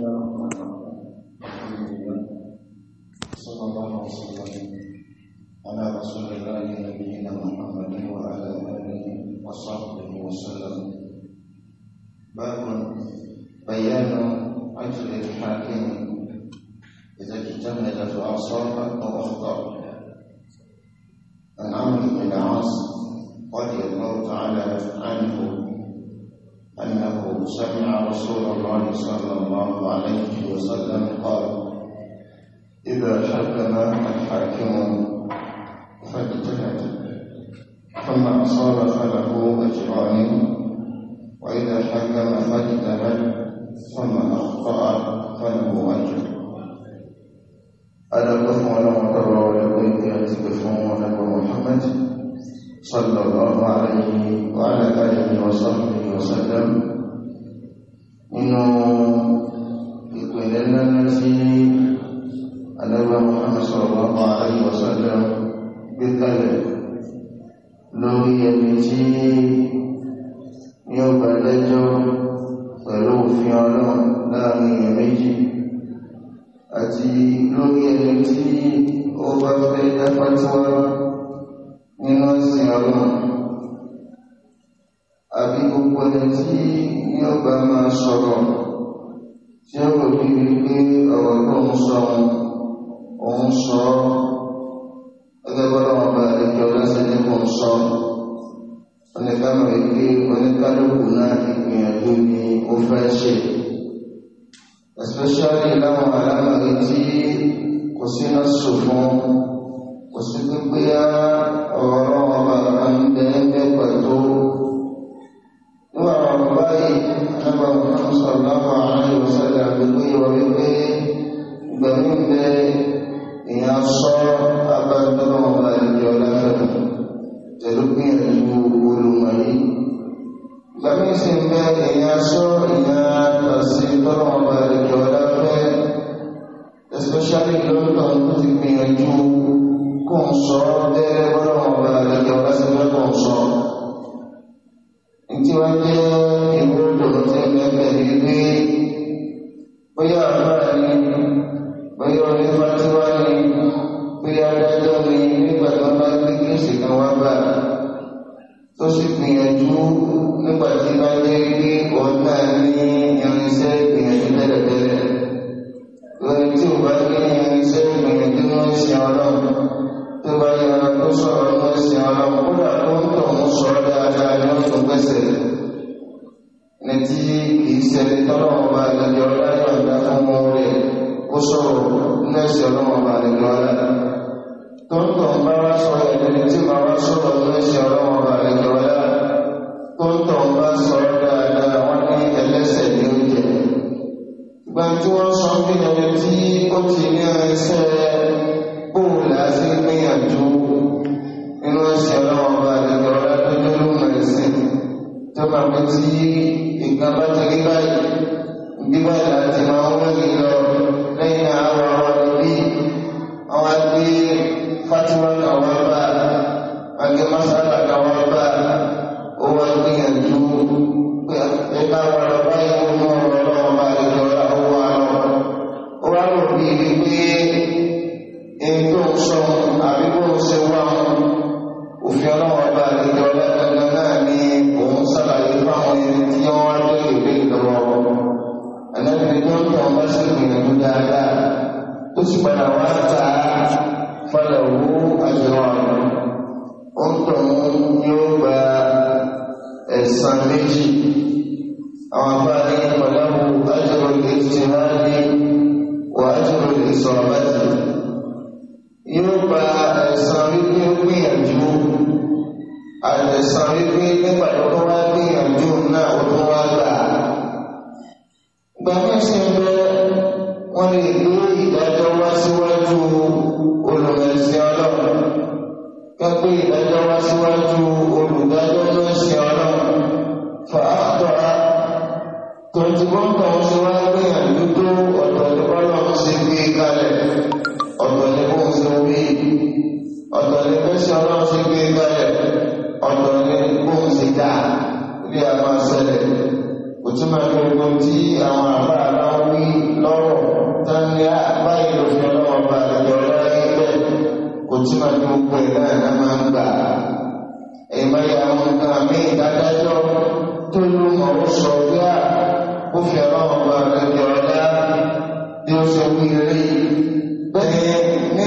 صلى الله وسلم على رسول الله نبينا محمد وعلى اله وصحبه وسلم باب بيان اجر الحاكم اذا اجتهد فاصاب او اخطا عن عمرو بن العاص رضي الله تعالى عنه سمع رسول الله صلى الله عليه وسلم قال إذا حكم الحاكم فاجتهد ثم أصاب فله أجران وإذا حكم فاجتهد ثم أخطأ فله أجر ألقكم ولم ترى ولكم يعزكم ولكم محمد صلى الله عليه وعلى آله وصحبه وسلم àti lórí ẹni tí ó bá fẹ́ dápátíwá nínú ẹ̀sìn ọlọ́run àbí gbogbo ẹni tí ní ọba máa sọ̀rọ̀ tí ó rò bí wípé ọ̀rọ̀ tó ń sọ òun sọ gẹ́gẹ́ bọ́lá wọn bá ẹjọ́ lọ́sẹ̀ ní kò ń sọ oníkàmọ̀ wípé oníkálukú náà ìgbìyànjú ni ó fẹ́ ṣe especially láwọn alámọ̀rí tí kò sí náà sọ fún kò sí pípé ọ̀rọ̀ ọba kan bẹ́ẹ̀ pẹ̀tó níwọ̀n àwọn báyìí nígbà tó sọ̀rọ̀ àwọn ìwọ̀sẹ̀lẹ̀ àgbègbè ìwọ̀ wípé ìgbẹ̀mí bẹ èèyàn sọ abájọ́ ọba ìdí ọlọ́fẹ́ pẹ̀lú gbìyànjú olùmọ̀lẹ́ ìgbàmí sì ń bẹ èèyàn sọ ìyàn ìsẹ̀lẹ̀ tọ́lọ̀ ọba ìlàjọ láyọ̀ ọ̀dá fọ́mọ rẹ̀ ó sọ̀rọ̀ nínú ẹ̀sẹ̀ ọlọ́mọba nìkan ọ̀dá tọ́tọ̀ bá wá sọ ẹ̀dẹ̀ni tí bá wá sọ̀rọ̀ nínú méjì àwọn afáàní pàdáwò ájúrò ìtìmáàní wà ájúrò ìsọ̀rọ̀mẹ́tì yóò gba ẹ̀san wípé ó gbìyànjú àtẹ̀san wípé nígbà tó tó wá gbìyànjú náà ó tó wá gbà gbàmí sí ẹgbẹ́ wọn lè gbé ìdájọ́ wá síwájú olùrẹ̀sìn ọlọ́run pẹ́pẹ́ ìdájọ́ wá síwájú olùdájọ́ tó ń ṣe ọ ti gbé báyẹ̀ ọ̀dọ̀ ní bóun ṣe dáa bí a máa ṣẹlẹ̀ kò tún máa fi ogun tí àwọn àbá àbá wí lọ́rọ̀ tán ní ah, báyìí lòfin ọlọ́wọ́ bá àlejò ọlọ́rin bẹ́ẹ̀ kò tún máa fi gbogbo ẹ̀ náà náà máa ń gbà á. èèmọ̀ yà àwọn nǹkan àmì ìdádájọ́ tó ló mọ̀ ó sọ pé à ah, ó fi ọlọ́wọ́ bá àlejò ọlá bí ó ṣe wí eré bẹ́ẹ̀ ní.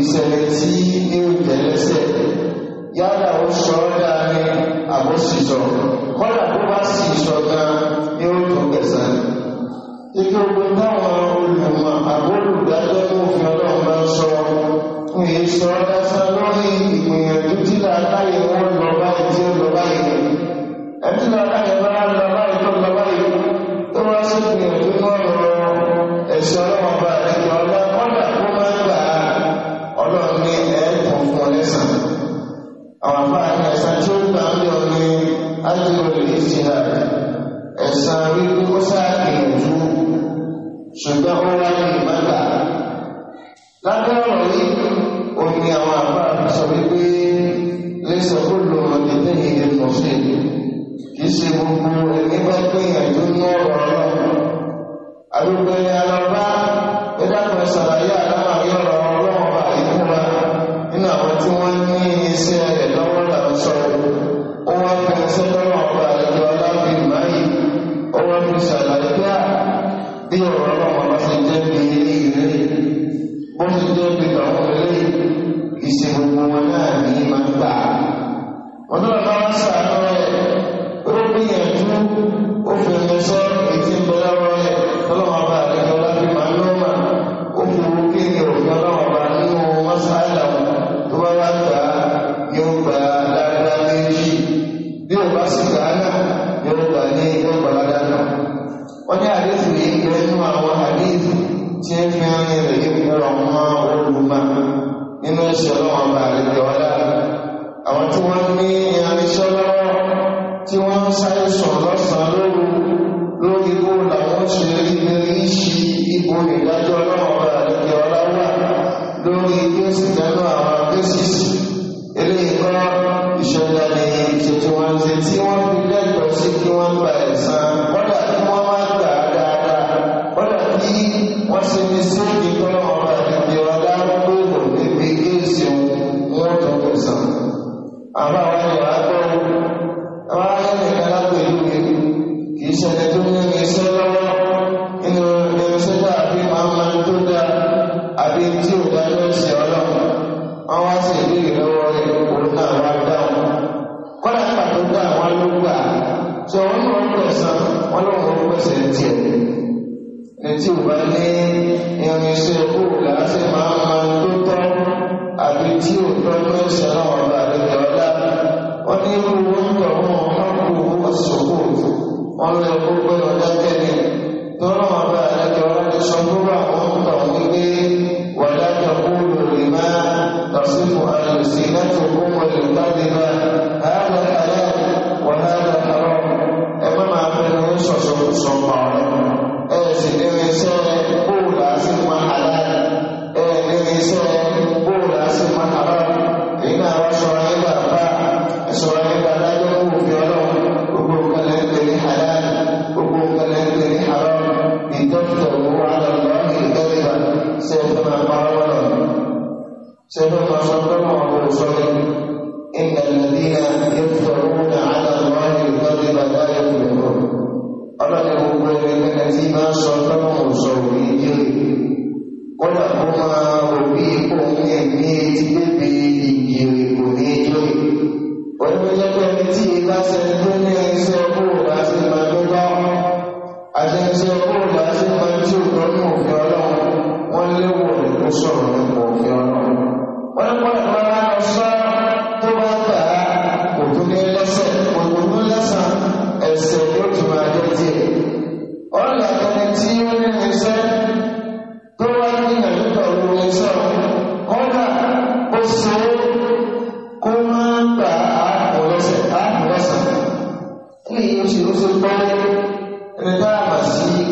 ìṣẹ̀lẹ̀ tí yóò tẹ̀lẹ́sẹ̀ yálà ó sọ ọ́ dáa ní àbóṣìṣọ́ kọ́là tó bá sì sọ gan ní ó tó kẹsàn-án. Ike ogun táwọn olùmọ̀ àbólùdájọ́ tó fi ọlọ́run máa ń sọ ń yé sọ lásán lórí ìgbìyànjú tí làákàyè wọn lọ báyìí tí ó lọ báyìí. Ẹbí làákàyè bá lọ báyìí tó lọ báyìí tó wá sí ìgbìyànjú náà lọ ẹ̀sìn ọlọ́run bá àti ìwà ọlá kọ́là tó tó ń gbà ń yọ ní ájúrò lè ṣe àrẹ ẹ̀sán wípé ó ṣàkíyànjú ṣùgbọ́n ó wáyé ìbáta lábẹ́ ọ̀rọ̀ yìí ó ní àwọn àbá sọ wípé lẹ́sọ̀ kó lò wọ́n ti tẹ̀yìn ilé mọ̀ṣẹ́ kì í ṣe gbogbo ẹni bá gbìyànjú ní ọ̀rọ̀ náà àdúgbò ẹni alọ́ba ó dákun ṣàlàyé àdámà yọ̀rọ̀ Inshallah. olùdájọ́ náà. tí ó tọ́jọ́ ìṣẹ̀lá ọ̀la àlejò ọ̀la wọ́n ní irú oúnjẹ ọ̀hún ọ̀hún owó ṣòwò wọn lọ kó pé ọjọ́ tẹ̀lé tọ́lọ́ ọ̀la àlejò ọ̀la ti sọ lórí àwọn ọ̀tọ̀ wípé wàlá tẹ̀kú lórí máa tọ̀sífù àlùsí láti kó wọlé bá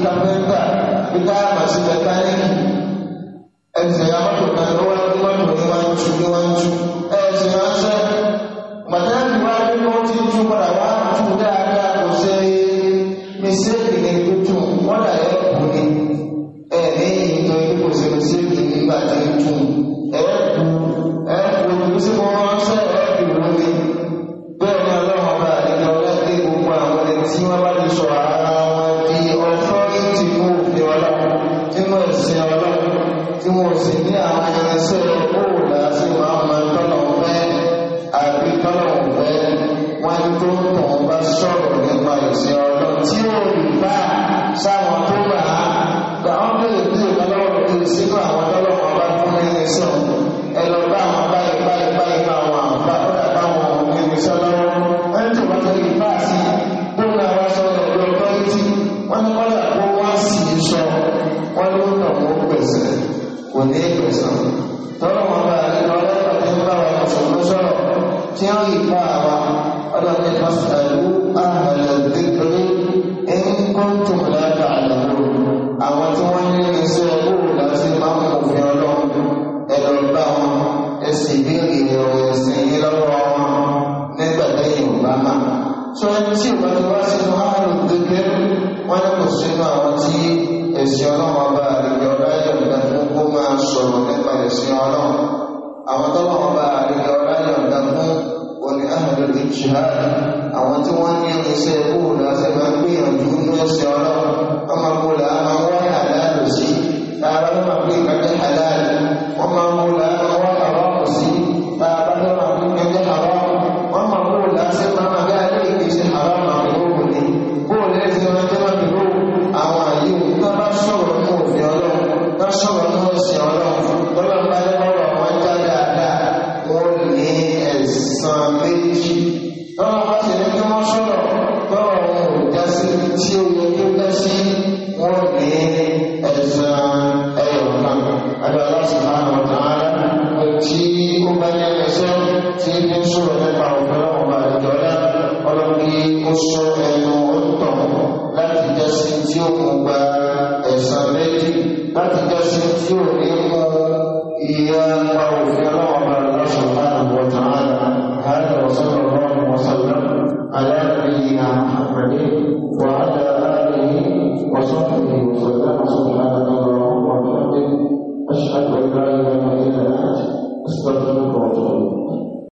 kan fẹ́ gbà nípa àmàṣe mẹkáníìkì ẹsẹ̀ amọ́tò kan ló wá ní mọ́tò ní ń tu ní wá ń tu ẹsẹ̀ ránṣẹ́ màtáàkì wá ní wọ́n ti tú padà wá tu dáadáa kò ṣe é mi ṣe é kìnnìkì tó wọ́n dà ìṣèhádì àwọn tí wọ́n ní iṣẹ́ bóòlù àti ìgbàgbéyànjú ní ẹ̀sìn ọlọ́run ọmọkùnrin tí ó kò gba ẹ̀sán méjì láti jọ́sí tí ò ní lọ ìyá gba òfin ọlọ́wọ́ bá lọ́sọ̀rọ̀ láàrín wọ̀tàn àdá àdá ọ̀sán ọ̀rọ̀ ọ̀sán